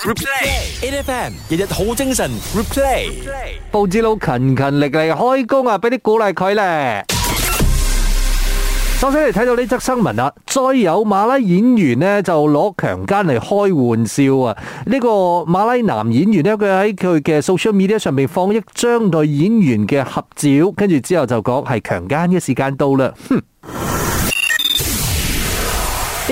Replay，A F M 日日好精神。Replay，報紙佬勤勤力力開工啊，俾啲鼓勵佢咧。 首先嚟睇到呢則新聞啦，再有馬拉演員呢就攞強姦嚟開玩笑啊！呢、呢個馬拉男演員呢，佢喺佢嘅 social media 上面放一張對演員嘅合照，跟住之後就講係強姦嘅時間到啦，哼。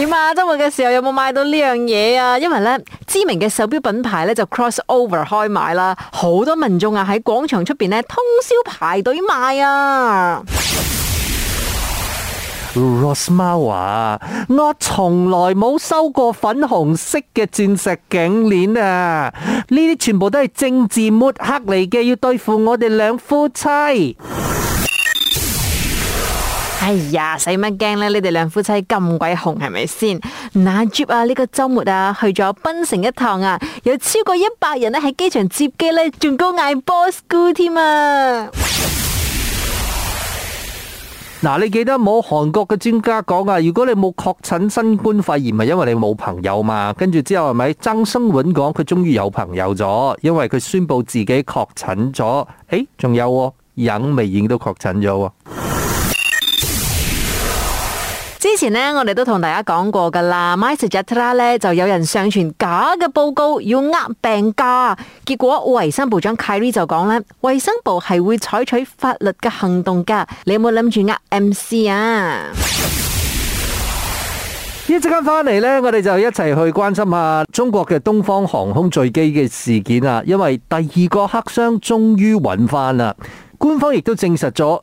點啊！周末嘅時候有冇買到呢樣嘢啊？因為呢，知名嘅手表品牌呢就 cross over 開賣啦，好多民眾啊喺廣場出邊呢通宵排隊買啊！Rosmah 話：我從來冇收過粉紅色嘅鑽石頸鏈啊！呢啲全部都係政治抹黑嚟嘅，要對付我哋兩夫妻。哎呀，使乜驚呢？你哋兩夫妻咁鬼紅係咪先？嗱 j 啊，呢、這個周末啊，去咗檳城一趟啊，有超過一百人咧喺機場接機呢，仲高嗌 ball school 添啊！嗱、啊，你記得冇？韓國嘅專家講啊，如果你冇確診新冠肺炎，係因為你冇朋友嘛。跟住之後係咪？曾生允講，佢終於有朋友咗，因為佢宣布自己確診咗。誒、哎，仲有、啊，尹未影都確診咗。之前呢，我哋都同大家講過噶啦，MySejahtera 咧就有人上傳假嘅報告要呃病假，結果衛生部長 Khairy 就講咧，衛生部係會採取法律嘅行動噶，你有冇諗住呃 M C 啊？一陣間翻嚟呢，我哋就一齊去關心下中國嘅東方航空墜機嘅事件啊，因為第二個黑箱終於揾翻啦，官方亦都證實咗。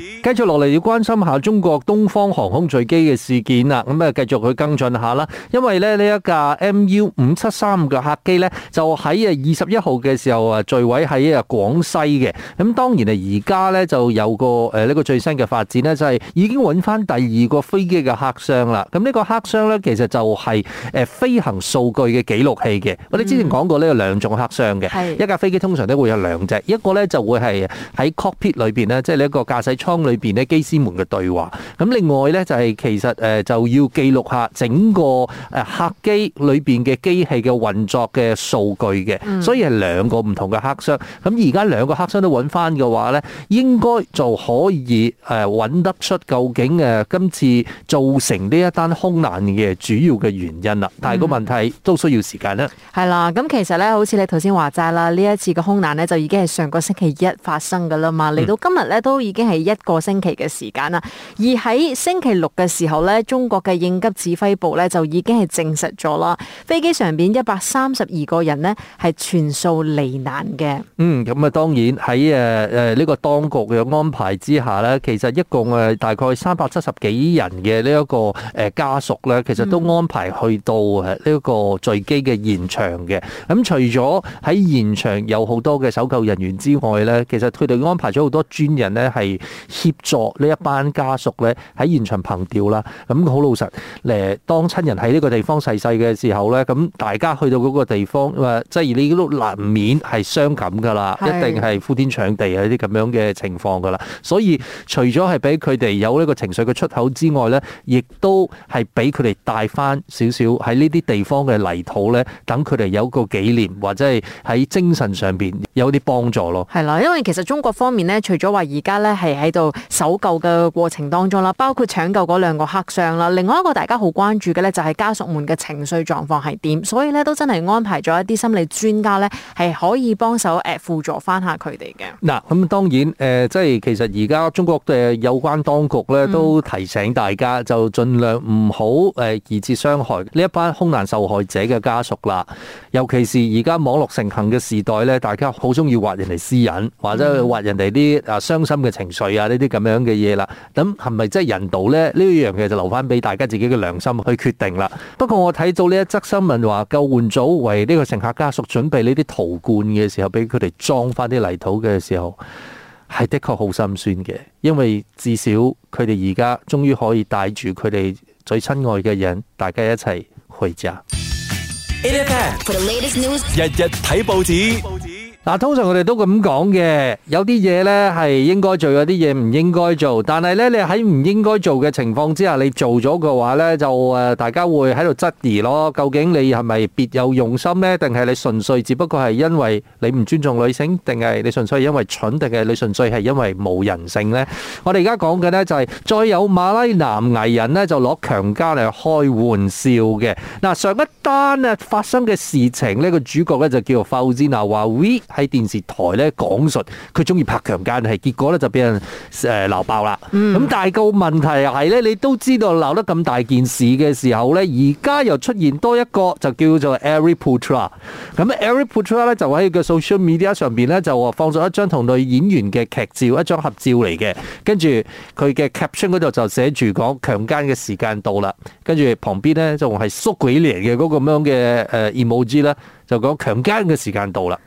繼續落嚟要關心下中國東方航空墜機嘅事件啦，咁啊繼續去跟進下啦。因為咧呢一架 MU 五七三嘅客機咧，就喺誒二十一號嘅時候啊墜毀喺日廣西嘅。咁當然啊而家咧就有個誒呢、呃這個最新嘅發展咧，就係已經揾翻第二個飛機嘅黑箱啦。咁呢個黑箱咧其實就係誒飛行數據嘅記錄器嘅。我哋之前講過呢有兩種黑箱嘅，嗯、一架飛機通常都會有兩隻，是一個咧就會係喺 cockpit 裏邊咧，即係呢一個駕駛艙。裏邊咧機師們嘅對話，咁另外咧就係其實誒就要記錄下整個誒客機裏邊嘅機器嘅運作嘅數據嘅，所以係兩個唔同嘅黑箱。咁而家兩個黑箱都揾翻嘅話咧，應該就可以誒揾得出究竟誒今次造成呢一單空難嘅主要嘅原因啦。但係個問題都需要時間啦，係啦、嗯，咁其實咧好似你頭先話齋啦，呢一次嘅空難咧就已經係上個星期一發生噶啦嘛，嚟、嗯、到今日咧都已經係一個。星期嘅時間啦，而喺星期六嘅時候咧，中國嘅應急指揮部咧就已經係證實咗啦，飛機上邊一百三十二個人咧係全數罹難嘅。嗯，咁啊，當然喺誒誒呢個當局嘅安排之下咧，其實一共誒大概三百七十幾人嘅呢一個誒家屬咧，其實都安排去到誒呢一個墜機嘅現場嘅。咁、嗯、除咗喺現場有好多嘅搜救人員之外咧，其實佢哋安排咗好多專人咧係作呢一班家屬咧喺現場憑吊啦，咁好老實誒，當親人喺呢個地方逝世嘅時候咧，咁大家去到嗰個地方，咁即係你都難免係傷感㗎啦，的一定係呼天搶地啊啲咁樣嘅情況㗎啦。所以除咗係俾佢哋有呢個情緒嘅出口之外咧，亦都係俾佢哋帶翻少少喺呢啲地方嘅泥土咧，等佢哋有個紀念或者係喺精神上邊有啲幫助咯。係啦，因為其實中國方面咧，除咗話而家咧係喺度。搜救嘅過程當中啦，包括搶救嗰兩個黑箱啦，另外一個大家好關注嘅呢，就係家屬們嘅情緒狀況係點，所以呢，都真係安排咗一啲心理專家呢，係可以幫手誒輔助翻下佢哋嘅。嗱，咁當然誒，即係其實而家中國嘅有關當局呢，都提醒大家就儘量唔好誒二次傷害呢一班空難受害者嘅家屬啦，尤其是而家網絡盛行嘅時代呢，大家好中意挖人哋私隱，或者挖人哋啲啊傷心嘅情緒啊呢啲。這些咁樣嘅嘢啦，咁係咪真係人道呢？呢一樣嘢就留翻俾大家自己嘅良心去決定啦。不過我睇到呢一則新聞話，救援組為呢個乘客家屬準備呢啲陶罐嘅時候，俾佢哋裝翻啲泥土嘅時候，係的確好心酸嘅。因為至少佢哋而家終於可以帶住佢哋最親愛嘅人，大家一齊回家。日日睇報紙。嗱，通常我哋都咁講嘅，有啲嘢咧係應該做，有啲嘢唔應該做。但係咧，你喺唔應該做嘅情況之下，你做咗嘅話咧，就誒，大家會喺度質疑咯。究竟你係咪別有用心咧？定係你純粹只不過係因為你唔尊重女性？定係你純粹係因為蠢？定係你純粹係因為冇人性咧？我哋而家講嘅咧就係再有馬拉男藝人咧，就攞強姦嚟開玩笑嘅。嗱，上一單啊發生嘅事情咧，個主角咧就叫做浮姿娜，話 We，喺電視台咧講述佢中意拍強奸係結果咧就俾人誒鬧爆啦。咁、嗯、但係個問題係係咧，你都知道鬧得咁大件事嘅時候咧，而家又出現多一個就叫做 Eriputra。咁 Eriputra 咧就喺個 social media 上面咧就話放咗一張同類演員嘅劇照，一張合照嚟嘅。跟住佢嘅 caption 嗰度就寫住講強奸嘅時間到啦。跟住旁邊咧就係縮起嚟嘅嗰個咁樣嘅 emoji 啦，就講強奸嘅時間到啦。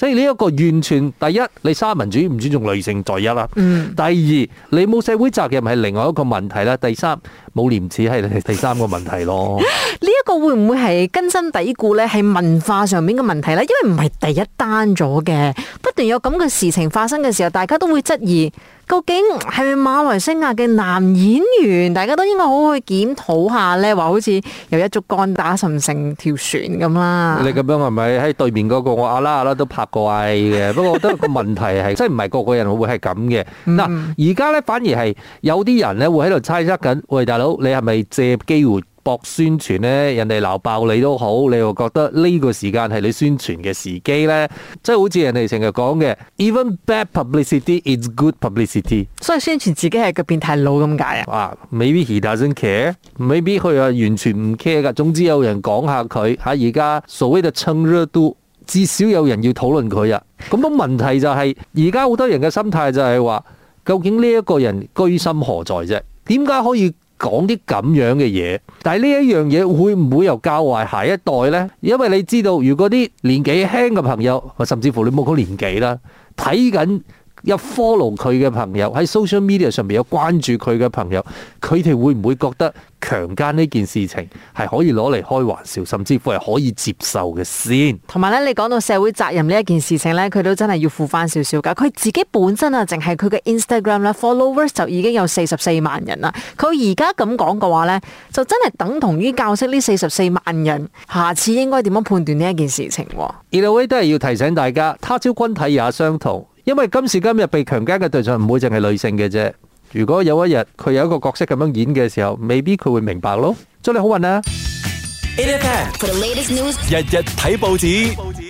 即係呢一個完全，第一你三民主義唔尊重女性在一啦，嗯、第二你冇社會責任係另外一個問題啦，第三冇廉恥係第三個問題咯。 會唔會係根深蒂固咧？係文化上面嘅問題咧？因為唔係第一單咗嘅，不斷有咁嘅事情發生嘅時候，大家都會質疑，究竟係咪馬來西亞嘅男演員？大家都應該好好去檢討下咧。話好似有一足幹打沉成條船咁啦。你咁樣係咪喺對面嗰個我阿啦阿啦都拍過戲嘅？不過我覺得個問題係，真係唔係個個人會係咁嘅。嗱，而家咧反而係有啲人咧會喺度猜測緊，喂，大佬你係咪借機會？博宣傳咧，人哋鬧爆你都好，你又覺得呢個時間係你宣傳嘅時機咧？即係好似人哋成日講嘅，even bad publicity is good publicity。所以宣傳自己係個變態佬咁解啊？哇，maybe he doesn't care，maybe 佢係完全唔 care 噶。總之有人講下佢嚇，而家所謂嘅蹭熱度至少有人要討論佢啊。咁個問題就係，而家好多人嘅心態就係話，究竟呢一個人居心何在啫？點解可以？講啲咁樣嘅嘢，但係呢一樣嘢會唔會又教壞下一代呢？因為你知道，如果啲年紀輕嘅朋友，甚至乎你冇個年紀啦，睇緊。有 follow 佢嘅朋友喺 social media 上面，有關注佢嘅朋友，佢哋會唔會覺得強姦呢件事情係可以攞嚟開玩笑，甚至乎係可以接受嘅先？同埋咧，你講到社會責任呢一件事情咧，佢都真係要負翻少少噶。佢自己本身啊，淨係佢嘅 Instagram 咧，followers 就已經有四十四萬人啦。佢而家咁講嘅話咧，就真係等同於教識呢四十四萬人下次應該點樣判斷呢一件事情。Anyway, 都係要提醒大家，他朝君體也相同。因為今時今日被強姦嘅對象唔會淨係女性嘅啫，如果有一日佢有一個角色咁樣演嘅時候，未必佢會明白咯。祝你好運啊！Pan, news, 日日睇報紙。報紙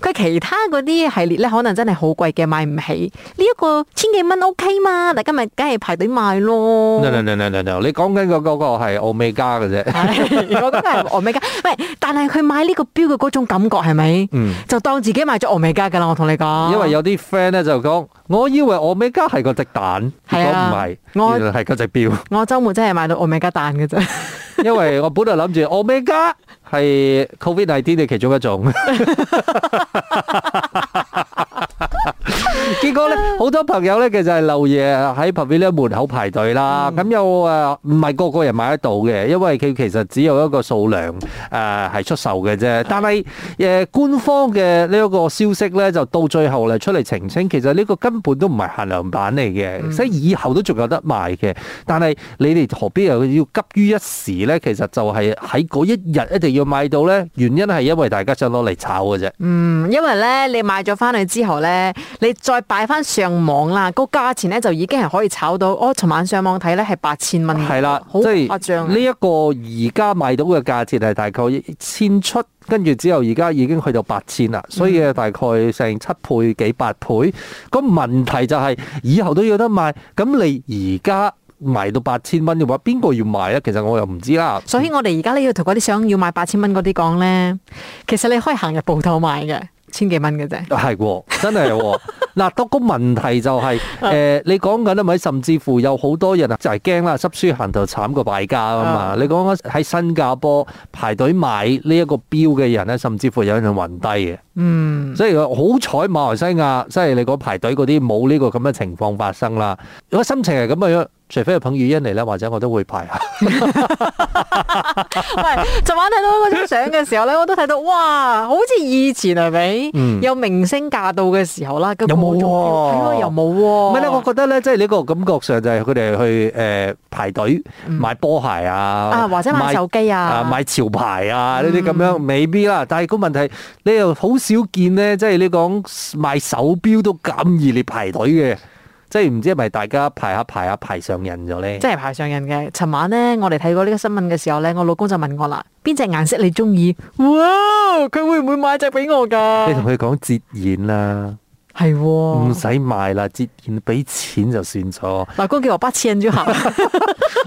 佢其他嗰啲系列咧，可能真係好貴嘅，買唔起。呢、這、一個千幾蚊 OK 嘛，大家咪梗係排隊買咯。唔係唔係，你講緊個嗰個係歐美加嘅啫，我都係歐美加。喂，但係佢買呢個表嘅嗰種感覺係咪？嗯、就當自己買咗歐美加噶啦，我同你講。因為有啲 friend 咧就講，我以為歐美加係個隻蛋，係呀、如果唔係我唔係，我係個隻表。我周末真係買到歐美加蛋嘅啫。因為我本來諗住，Omega 係 Covid-19 嘅其中一種。結果咧，好多朋友咧其實係漏夜喺鋪面咧門口排隊啦。咁又誒，唔係個個人買得到嘅，因為佢其實只有一個數量誒係出售嘅啫。但係誒官方嘅呢一個消息咧，就到最後咧出嚟澄清，其實呢個根本都唔係限量版嚟嘅，所以以後都仲有得賣嘅。但係你哋何必又要急於一時咧？其實就係喺嗰一日一定要買到咧，原因係因為大家想攞嚟炒嘅啫。嗯，因為咧你買咗翻去之後咧，你再。擺翻上網啦，個價錢咧就已經係可以炒到。我尋晚上網睇咧係八千蚊，係啦，好誇張。呢一個而家賣到嘅價錢係大概千出，跟住之後而家已經去到八千啦，所以大概成七倍，幾八倍。個、嗯、問題就係以後都有得賣，咁你而家賣到八千蚊嘅話邊個要買啊？其實我又唔知啦。所以我哋而家呢，要同嗰啲想要買八千蚊嗰啲講咧，其實你可以行入鋪頭買嘅。千幾蚊嘅啫，係喎，真係喎。嗱，多個問題就係、是，誒、呃，你講緊咪，甚至乎有好多人啊，就係驚啦，濕書行就慘過敗家啊嘛。你講緊喺新加坡排隊買呢一個標嘅人咧，甚至乎有陣暈低嘅。嗯，所以好彩馬來西亞，即係你講排隊嗰啲冇呢個咁嘅情況發生啦。如果心情係咁嘅樣。除非係捧語欣嚟咧，或者我都會排下。唔 昨晚睇到嗰張相嘅時候咧， 我都睇到哇，好似以前係咪、嗯、有明星駕到嘅時候啦？有冇喎、啊，睇、啊啊、又冇喎、啊。唔係咧，我覺得咧，即係呢個感覺上就係佢哋去誒、呃、排隊買波鞋啊，嗯、啊或者買手機啊，買，啊買潮牌啊呢啲咁樣，未必啦、啊。嗯、但係個問題，你又好少見咧，即、就、係、是、你講買手錶都咁易你排隊嘅。即係唔知係咪大家排下排下排上癮咗呢？即係排上癮嘅。尋晚呢，我哋睇過呢個新聞嘅時候呢，我老公就問我啦：邊隻顏色你中意？哇！佢會唔會買隻俾我噶？你同佢講折現啦。係唔使賣啦，折現俾錢就算咗。大哥叫我八千就行，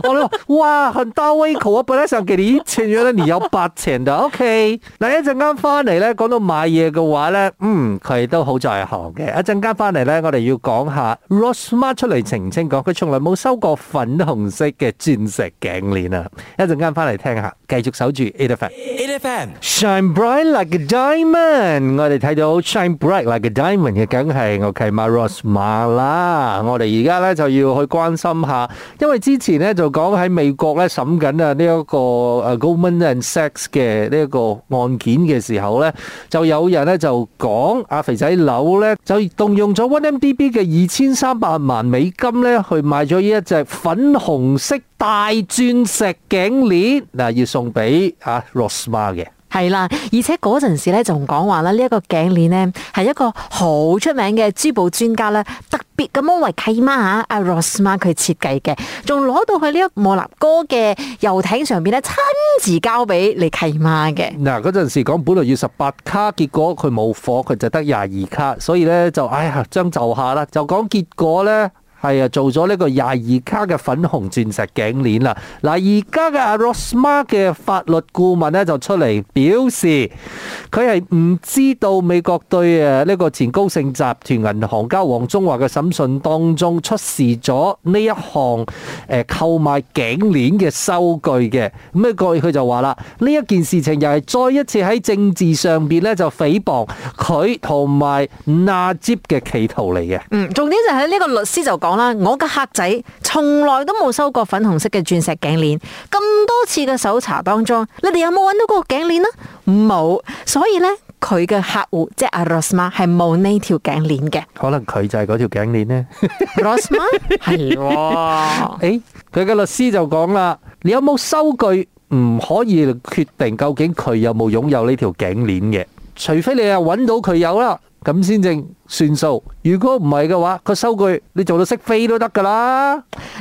我話哇，很多 vehicle 啊，本來上幾啲千咗啦，而有八千就 OK。嗱，一陣間翻嚟咧，講到買嘢嘅話咧，嗯，佢都好在行嘅。一陣間翻嚟咧，我哋要講下 Rosmah 出嚟澄清，講佢從來冇收過粉紅色嘅鑽石頸鏈啊。一陣間翻嚟聽下，繼續守住 Ai FM Ai FM Shine bright like a diamond，我哋睇到 shine bright like a diamond 嘅。梗係我契媽 Rosma 啦，我哋而家咧就要去關心下，因為之前咧就講喺美國咧審緊啊呢一個啊 Goldman Sachs 嘅呢一個案件嘅時候咧，就有人咧就講阿肥仔 Low 咧就動用咗 OneMDB 嘅二千三百萬美金咧去買咗呢一隻粉紅色大鑽石頸鏈，嗱，要送俾啊 Rosma 嘅。係啦，而且嗰陣時咧仲講話啦，呢一個頸鏈呢係一個好出名嘅珠寶專家啦，特別咁樣為契媽啊阿羅斯媽佢設計嘅，仲攞到去呢一個摩納哥嘅遊艇上邊咧親自交俾你契媽嘅。嗱，嗰陣時講本來要十八卡，結果佢冇貨，佢就得廿二卡，所以咧就哎呀，將就下啦，就講結果咧。係啊，做咗呢個廿二卡嘅粉紅鑽石頸鏈啦。嗱，而家嘅阿羅斯瑪嘅法律顧問咧就出嚟表示，佢係唔知道美國對誒呢個前高盛集團銀行家黃中華嘅審訊當中出示咗呢一項誒購買頸鏈嘅收據嘅。咁一個佢就話啦，呢一件事情又係再一次喺政治上邊咧就誹謗佢同埋納吉嘅企圖嚟嘅。嗯，重點就係呢個律師就講。講啦，我嘅客仔從來都冇收過粉紅色嘅鑽石頸鏈。咁多次嘅搜查當中，你哋有冇搵到嗰個頸鏈啊？冇，所以呢，佢嘅客戶即係阿 Rosma 係冇呢條頸鏈嘅。可能佢就係嗰條頸鏈呢？Rosma？係喎，誒，佢嘅律師就講啦，你有冇收據？唔可以決定究竟佢有冇擁有呢條頸鏈嘅，除非你又搵到佢有啦。咁先正算數，如果唔係嘅話，個收據你做到識飛都得噶啦。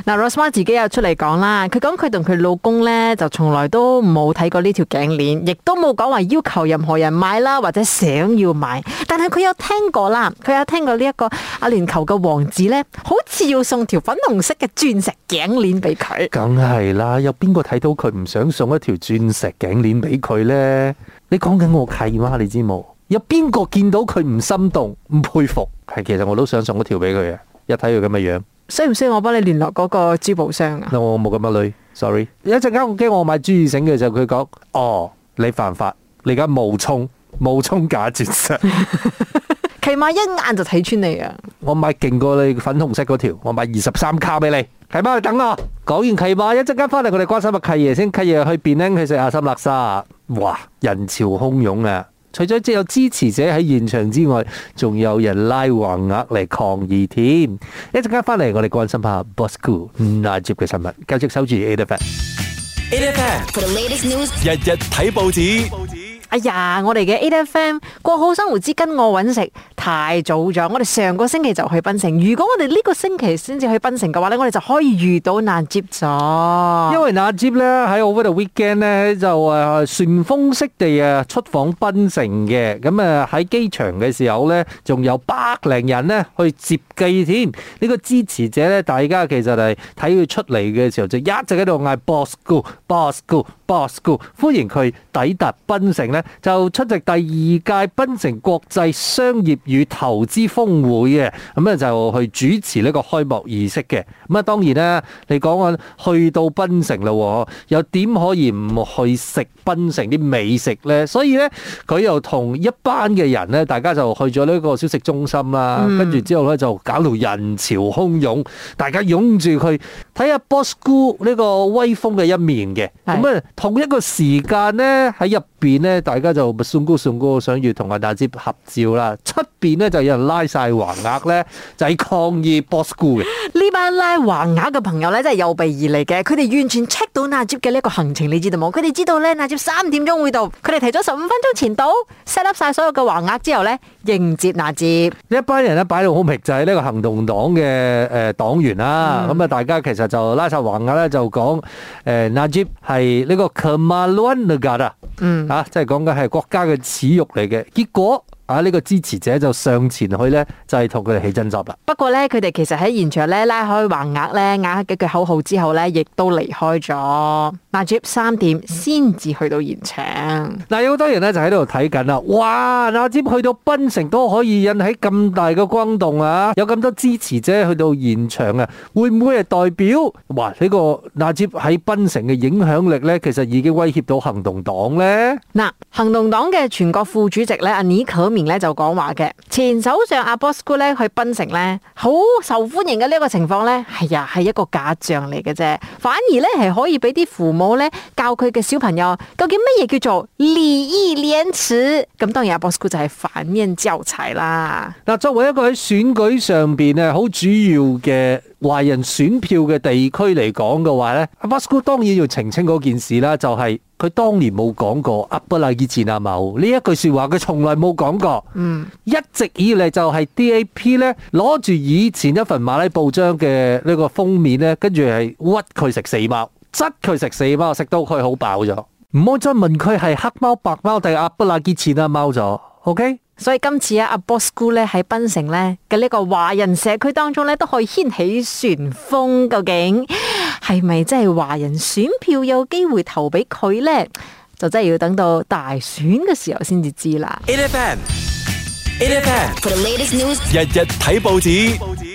嗱，Rosmar 自己又出嚟講啦，佢講佢同佢老公呢，就從來都冇睇過呢條頸鏈，亦都冇講話要求任何人買啦，或者想要買。但係佢有聽過啦，佢有聽過呢一個阿聯酋嘅王子呢，好似要送條粉紅色嘅鑽石頸鏈俾佢。梗係啦，有邊個睇到佢唔想送一條鑽石頸鏈俾佢呢？你講緊我契媽？你知冇？有邊個見到佢唔心動唔佩服？係其實我都想送嗰條俾佢啊。一睇佢咁嘅樣，需唔需要我幫你聯絡嗰個珠寶商啊？我冇咁嘅女，sorry。一陣間我驚我買珠耳繩嘅時候，佢講，哦，你犯法，你而家冒充冒充假鑽石，契媽 一眼就睇穿你啊！我買勁過你粉紅色嗰條，我買二十三卡俾你，契媽你等我。講完契媽一陣間翻嚟，我哋關心阿契爺先，契爺去便拎佢食阿心垃沙啊！哇，人潮洶湧啊！除咗即有支持者喺現場之外，仲有人拉橫額嚟抗議添。一陣間翻嚟，我哋關心下 Bosco Najib 嘅新聞，繼續收住 a d f a f for the latest news。日日睇報紙。哎呀，我哋嘅 ATFM 過好生活之跟我揾食太早咗。我哋上個星期就去檳城，如果我哋呢個星期先至去檳城嘅話咧，我哋就可以遇到納吉咗。因為納吉咧喺我嗰度 weekend 咧就啊，旋風式地啊出訪檳城嘅。咁啊喺機場嘅時候咧，仲有百零人咧去接機添。呢個支持者咧，大家其實係睇佢出嚟嘅時候就一直喺度嗌，Bossku Bossku Bossku，歡迎佢抵達檳城咧。就出席第二屆檳城國際商業與投資峰會嘅，咁咧就去主持呢個開幕儀式嘅。咁啊，當然啦，你講緊去到檳城啦，又點可以唔去食檳城啲美食呢？所以呢，佢又同一班嘅人呢，大家就去咗呢個小食中心啦，跟住之後呢，就搞到人潮洶湧，大家擁住佢。睇下 Boss school 呢個威風嘅一面嘅，咁啊是同一個時間咧喺入邊咧，大家就咪送高送高，想要同阿娜接合照啦。出邊咧就有人拉晒橫額咧，就係抗議 Boss school 嘅。呢班拉橫額嘅朋友咧，真係有鼻而嚟，有備而嚟嘅，佢哋完全 check 到娜接嘅呢一個行程，你知道冇？佢哋知道咧，娜接三點鐘會到，佢哋提咗十五分鐘前到，set up 曬所有嘅橫額之後咧，迎接娜接。呢一班人咧擺到好明就係、是、呢個行動黨嘅誒黨員啦，咁啊、嗯、大家其實。就拉曬橫額咧，就講 Najib 係呢個 Kemaluan Negara 啊，嚇，即係講嘅係國家嘅恥辱嚟嘅，結果。啊！呢個支持者就上前去咧，就係同佢哋起爭執啦。不過咧，佢哋其實喺現場咧拉開橫額咧，嗌幾句口號之後咧，亦都離開咗。納吉三點先至去到現場。嗱、啊，有好多人咧就喺度睇緊啦。哇！納吉去到檳城都可以引起咁大嘅轟動啊！有咁多支持者去到現場啊，會唔會係代表哇？呢個納吉喺檳城嘅影響力咧，其實已經威脅到行動黨咧。嗱、啊，行動黨嘅全國副主席咧，倪可敏。咧就講話嘅前首相阿 Bosco 咧去檳城咧好受歡迎嘅呢個情況咧係啊係一個假象嚟嘅啫，反而咧係可以俾啲父母咧教佢嘅小朋友究竟乜嘢叫做禮義廉恥。咁當然阿 Bosco 就係反面教材啦。嗱，作為一個喺選舉上邊啊好主要嘅華人選票嘅地區嚟講嘅話咧，阿 Bosco 當然要澄清嗰件事啦，就係、是。佢當年冇講過「阿不拉吉前阿茂」呢一句說話，佢從來冇講過。嗯，一直以嚟就係 DAP 咧攞住以前一份馬拉報章嘅呢個封面咧，跟住係屈佢食死貓，窒佢食死貓，食到佢好飽咗。唔好再問佢係黑貓白貓定阿不拉吉前阿茂咗。OK，所以今次啊阿波斯姑咧喺檳城咧嘅呢個華人社區當中咧都可以掀起旋風究竟。係咪真係華人選票有機會投俾佢咧？就真係要等到大選嘅時候先至知啦。N N N N，日日睇報紙。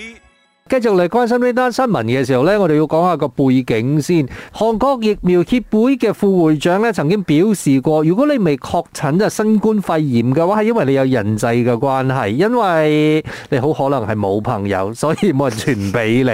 繼續嚟關心呢單新聞嘅時候呢，我哋要講下個背景先。韓國疫苗協會嘅副會長呢，曾經表示過，如果你未確診就新冠肺炎嘅話，係因為你有人際嘅關係，因為你好可能係冇朋友，所以冇人傳俾你。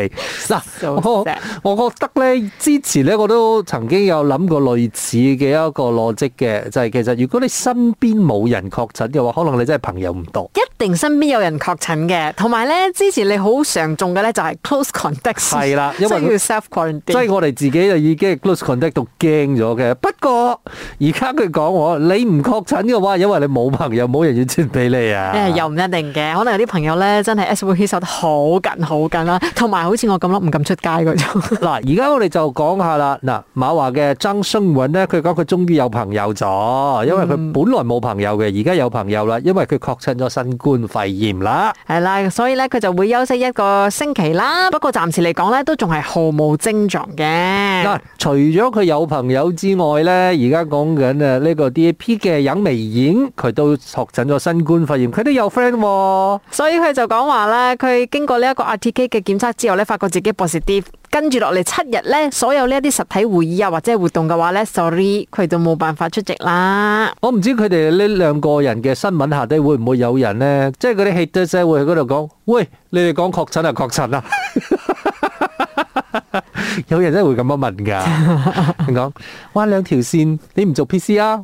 嗱、 啊，我覺得呢之前咧我都曾經有諗過類似嘅一個邏輯嘅，就係、是、其實如果你身邊冇人確診嘅話，可能你真係朋友唔多，一定身邊有人確診嘅。同埋呢之前你好常中嘅。咧就係 close contact，即係要 self quarantine，即係我哋自己就已經 close contact 到驚咗嘅。不過而家佢講我你唔確診嘅話，因為你冇朋友冇人要傳俾你啊。又唔一定嘅，可能有啲朋友咧真係 SOP 守得好緊好緊啦，同埋好似我咁咯，唔敢出街嗰種。嗱，而家我哋就講下啦。嗱，馬華嘅曾孫雲咧，佢講佢終於有朋友咗，因為佢本來冇朋友嘅，而家有朋友啦，因為佢確診咗新冠肺炎啦。係啦，所以咧佢就會休息一個星期啦，不過暫時嚟講咧都仲係毫無症狀嘅。嗱，除咗佢有朋友之外咧，而家講緊啊呢個 D A P 嘅隱微演，佢都確診咗新冠肺炎，佢都有 friend，所以佢就講話咧，佢經過呢一個 R T K 嘅檢測之後咧，發覺自己 positive。跟住落嚟七日咧，所有呢一啲實體會議啊，或者係活動嘅話咧，Sorry，佢就冇辦法出席啦。我唔知佢哋呢兩個人嘅新聞下底會唔會有人咧，即係嗰啲 hater 會喺嗰度講，喂，你哋講確診啊，確診啊， 有人真係會咁樣問㗎。你講 哇兩條線，你唔做 PCR？啊。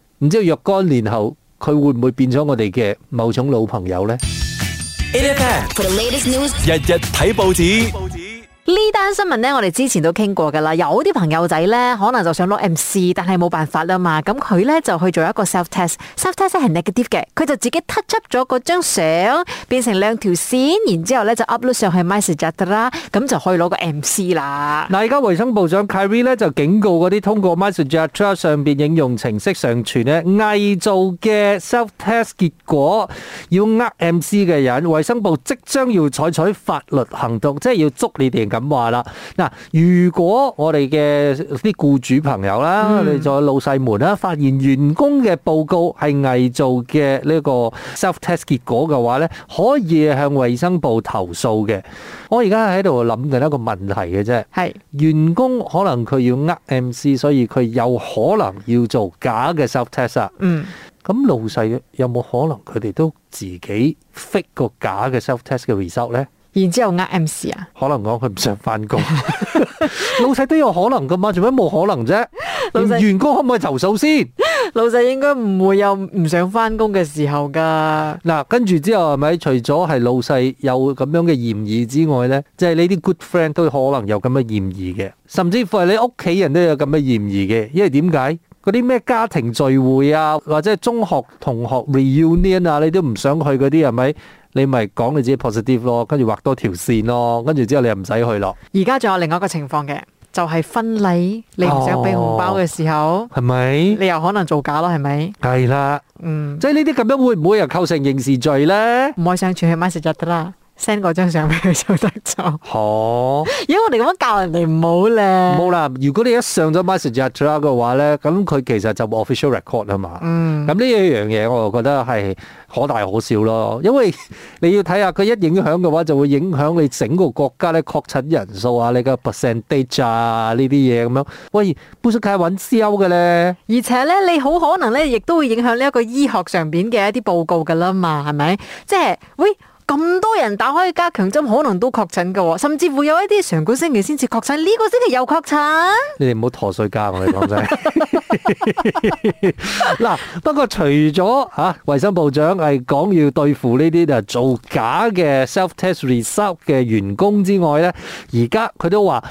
唔知道若干年後，佢會唔會變咗我哋嘅某種老朋友呢？日日睇報紙。呢單新聞呢，我哋之前都傾過噶啦。有啲朋友仔呢，可能就想攞 M C，但係冇辦法啦嘛。咁佢呢，就去做一個 self test，self test 係 negative 嘅，佢就自己 touch up 咗嗰張相，變成兩條線，然之後呢就 upload 上去 MySejahtera 啦，咁就可以攞個 M C 啦。嗱，而家衛生部長 Khairy 呢，就警告嗰啲通過 MySejahtera 上邊應用程式上傳咧偽造嘅 self test 結果要呃 M C 嘅人，衛生部即將要採取法律行動，即係要捉你哋。咁話啦，嗱，如果我哋嘅啲僱主朋友啦，我哋再老細們啦，發現員工嘅報告係偽造嘅呢個 self test 結果嘅話咧，可以向衞生部投訴嘅。我而家喺度諗緊一個問題嘅啫，係員工可能佢要呃 MC，所以佢有可能要做假嘅 self test 啊。嗯，咁老細有冇可能佢哋都自己 fit 個假嘅 self test 嘅 result 咧？然之後呃 MC 啊，可能講佢唔想翻工，老細都有可能噶嘛，做咩冇可能啫？老細員工可唔可以投訴先？老細應該唔會有唔想翻工嘅時候噶。嗱，跟住之後係咪？除咗係老細有咁樣嘅嫌疑之外咧，即係你啲 good friend 都可能有咁嘅嫌疑嘅，甚至乎係你屋企人都有咁嘅嫌疑嘅。因為點解？嗰啲咩家庭聚會啊，或者係中學同學 reunion 啊，你都唔想去嗰啲係咪？你咪講你自己 positive 咯，跟住畫多條線咯，跟住之後你又唔使去咯。而家仲有另外一個情況嘅，就係、是、婚禮你唔想俾紅包嘅時候，係咪、哦？你又可能造假咯，係咪？係啦的，嗯，即係呢啲咁樣會唔會又構成刑事罪咧？唔好上傳去 message 就得啦。send 嗰張相俾佢就得咗。好，如果我哋咁樣教人哋唔好咧，冇啦。如果你一上咗 message chat 嘅話咧，咁佢其實就冇 official record 啊嘛。嗯，咁呢一樣嘢，我就覺得係可大可小咯。因為你要睇下佢一影響嘅話，就會影響你整個國家咧確診人數啊，你嘅 percent data 啊，呢啲嘢咁樣。喂，本身係搵 C.O. 嘅咧，而且咧，你好可能咧，亦都會影響呢一個醫學上邊嘅一啲報告噶啦嘛是不是，係咪？即係喂。咁多人打開加強針，可能都確診㗎喎，甚至會有一啲上個星期先至確診，呢、這個星期又確診。你哋唔好陀碎㗎，我哋講真。嗱，不過除咗、啊、衛生部長係講要對付呢啲就係做假嘅 self test result 嘅員工之外呢，而家佢都話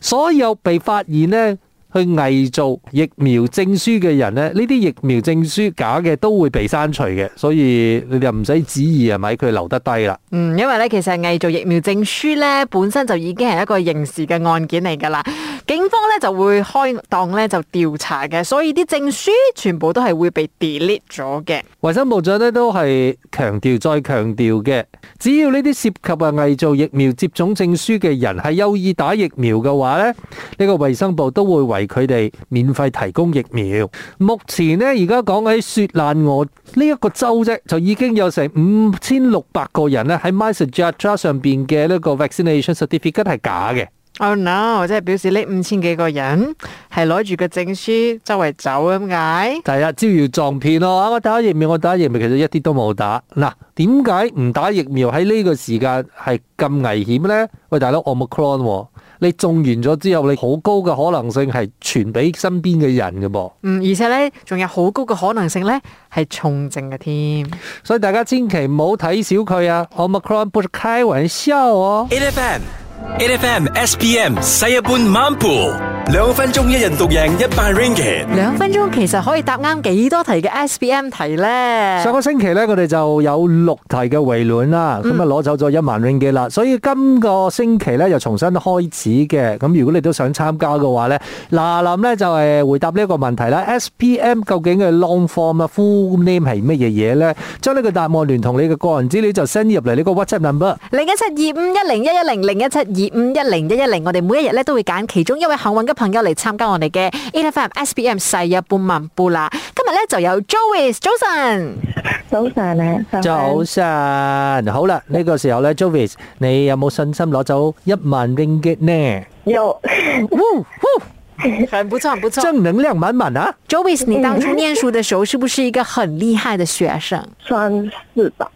所有被發現呢。去偽造疫苗證書嘅人呢，呢啲疫苗證書假嘅都會被刪除嘅，所以你哋唔使旨意啊，咪佢留得低啦。嗯，因為咧其實係偽造疫苗證書咧，本身就已經係一個刑事嘅案件嚟噶啦，警方咧就會開檔咧就調查嘅，所以啲證書全部都係會被 delete 咗嘅。衛生部長咧都係強調再強調嘅，只要呢啲涉及啊偽造疫苗接種證書嘅人係有意打疫苗嘅話咧，呢個衛生部都會為佢哋免費提供疫苗。目前呢，而家講喺雪蘭莪呢一個州啫，就已經有成五千六百個人咧喺 MySejahtera 上邊嘅呢個 vaccination certificate 係假嘅。Oh no！即係表示呢五千幾個人係攞住個證書周圍走咁解？係啊，招搖撞騙咯！我打疫苗，我打疫苗，其實一啲都冇打。嗱，點解唔打疫苗喺呢個時間係咁危險呢？喂，大佬，奧密克戎喎。你中完咗之後，你好高嘅可能性係傳俾身邊嘅人嘅噃。嗯，而且咧，仲有好高嘅可能性咧，係重症嘅添。所以大家千祈唔好睇小佢啊，Omicron 不是開玩笑哦、啊。N F M N F M S P M 十一半兩分鐘一人獨贏一萬 ringgit，兩分鐘其實可以答啱幾多題嘅 SPM 題咧？上個星期咧，我哋就有六題嘅圍暖啦，咁啊攞走咗一萬 ringgit 啦。所以今個星期咧又重新開始嘅。咁如果你都想參加嘅話咧，嗱林咧就誒回答呢一個問題啦。SPM 究竟嘅 long form 啊 full name 係乜嘢嘢咧？將呢個答案連同你嘅個人資料就 send 入嚟呢個 WhatsApp number 零一七二五一零一一零零一七二五一零一一零。我哋每一日咧都會揀其中一位幸運嘅。朋友嚟參加我哋嘅 A F M S B M 世日半萬步啦！今日咧就有 Joyce 早晨，早晨啊，早晨好啦！呢、呢個時候咧，Joyce 你有冇信心攞走一萬 ringgit 呢？有，唔 唔，很不錯，不錯， 正能量滿滿啊！Joyce，你當初念書嘅時候，是不是一個很厲害的學生？算是吧。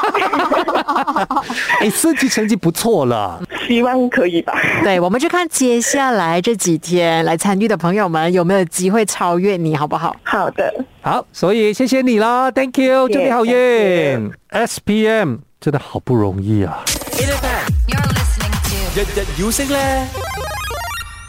哈哈哈哎，四級成績不錯了，希望可以吧。對，我們就看接下來這幾天來參與的朋友們有沒有機會超越你，好不好？好的，好，所以謝謝你啦，Thank you，祝你好運，S P M，真的好不容易啊。日日有聲咧。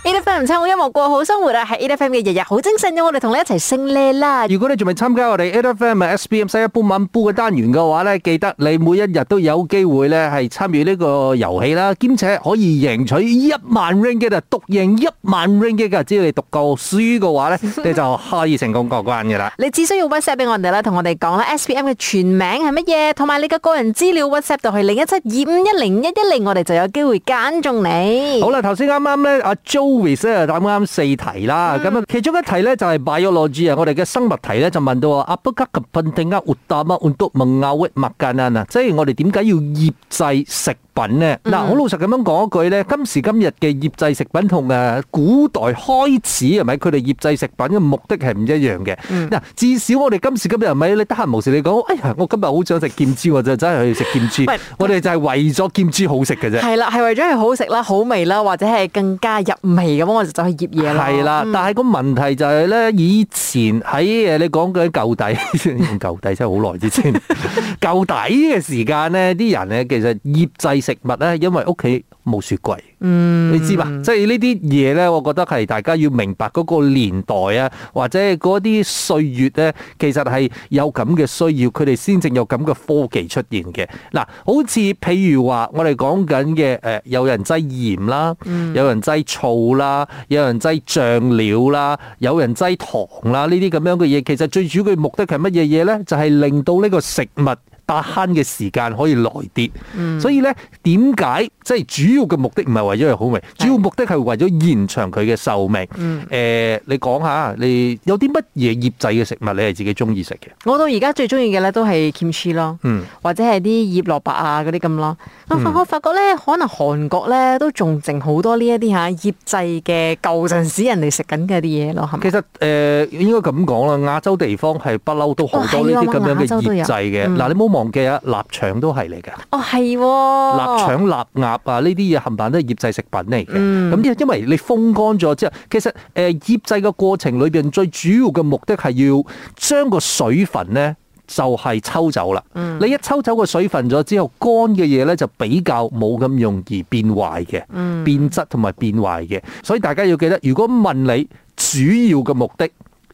A F M 唔差好音樂過好生活啊！係 A F M 嘅日日好精神，我哋同你一齊勝利啦！如果你仲未參加我哋 A F M 嘅 SPM 西一半文半嘅單元嘅話咧，記得你每一日都有機會咧係參與呢個遊戲啦，兼且可以贏取一萬 ringgit 啊！讀贏一萬 ringgit 嘅，只要你讀夠書嘅話咧，你就可以成功過關嘅啦！你只需要 WhatsApp 俾我哋啦，同我哋講啦，SPM 嘅全名係乜嘢，同埋你嘅個人資料 WhatsApp 到去零一七二五一零一一零，我哋就有機會揀中你。好啦，頭先啱啱咧，阿 Jo。打啱啱四題啦，咁啊，其中一題咧就係 biology 啊，我哋嘅生物題咧就問到話：Apakah kepentingan utama untuk mengawet makanan，即係我哋點解要醃製食？品咧嗱，好、嗯、老實咁樣講一句咧，今時今日嘅醃製食品同誒古代開始係咪佢哋醃製食品嘅目的係唔一樣嘅？嗱、嗯，至少我哋今時今日係咪你得閒無事你講？哎呀，我今日好想食劍豬，我就真係去食劍豬。嗯、我哋就係為咗劍豬好食嘅啫。係啦，係為咗係好食啦、好味啦，或者係更加入味咁我就走去醃嘢啦。係啦的，嗯、但係個問題就係咧，以前喺誒、哎、你講嘅舊底， 舊底真係好耐之前， 舊底嘅時間呢啲人咧其實醃製。食物咧，因為屋企冇雪櫃，你知吧？即係呢啲嘢咧，是我覺得係大家要明白嗰個年代啊，或者係嗰啲歲月咧，其實係有咁嘅需要，佢哋先至有咁嘅科技出現嘅。嗱，好似譬如話，我哋講緊嘅誒，有人擠鹽啦，有人擠醋啦，有人擠醬料啦，有人擠糖啦，呢啲咁樣嘅嘢，其實最主要嘅目的係乜嘢嘢咧？就係、是、令到呢個食物。慳嘅時間可以來跌。嗯、所以咧點解，即係主要嘅目的唔係為咗佢好味，是主要目的係為咗延長佢嘅壽命。誒、嗯呃，你講下你有啲乜嘢醃製嘅食物你係自己中意食嘅？我到而家最中意嘅咧都係 kimchi 咯、嗯，或者係啲醃蘿蔔啊嗰啲咁咯。嗯、我發我覺咧，可能韓國咧都仲剩好多呢一啲嚇醃製嘅舊陣時人哋食緊嘅啲嘢咯。嗯、嗎其實誒、呃、應該咁講啦，亞洲地方係不嬲都好多呢啲咁樣嘅醃製嘅。嗱你冇嘅臘腸都係嚟嘅，哦係喎，臘腸臘鴨啊，呢啲嘢冚唪唥都係醃製食品嚟嘅。咁因為你風乾咗之後，其實誒醃製嘅過程裏邊最主要嘅目的係要將個水分呢就係抽走啦。你一抽走個水分咗之後，乾嘅嘢呢就比較冇咁容易變壞嘅，變質同埋變壞嘅。所以大家要記得，如果問你主要嘅目的，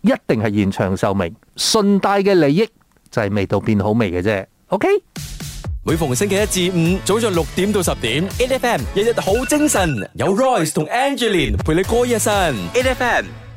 一定係延長壽命，順帶嘅利益就係味道變好味嘅啫。OK，每逢星期一至五早上六點到十點，NFM 日日好精神，有 Royce 同 Angelin 陪你過一晨，NFM。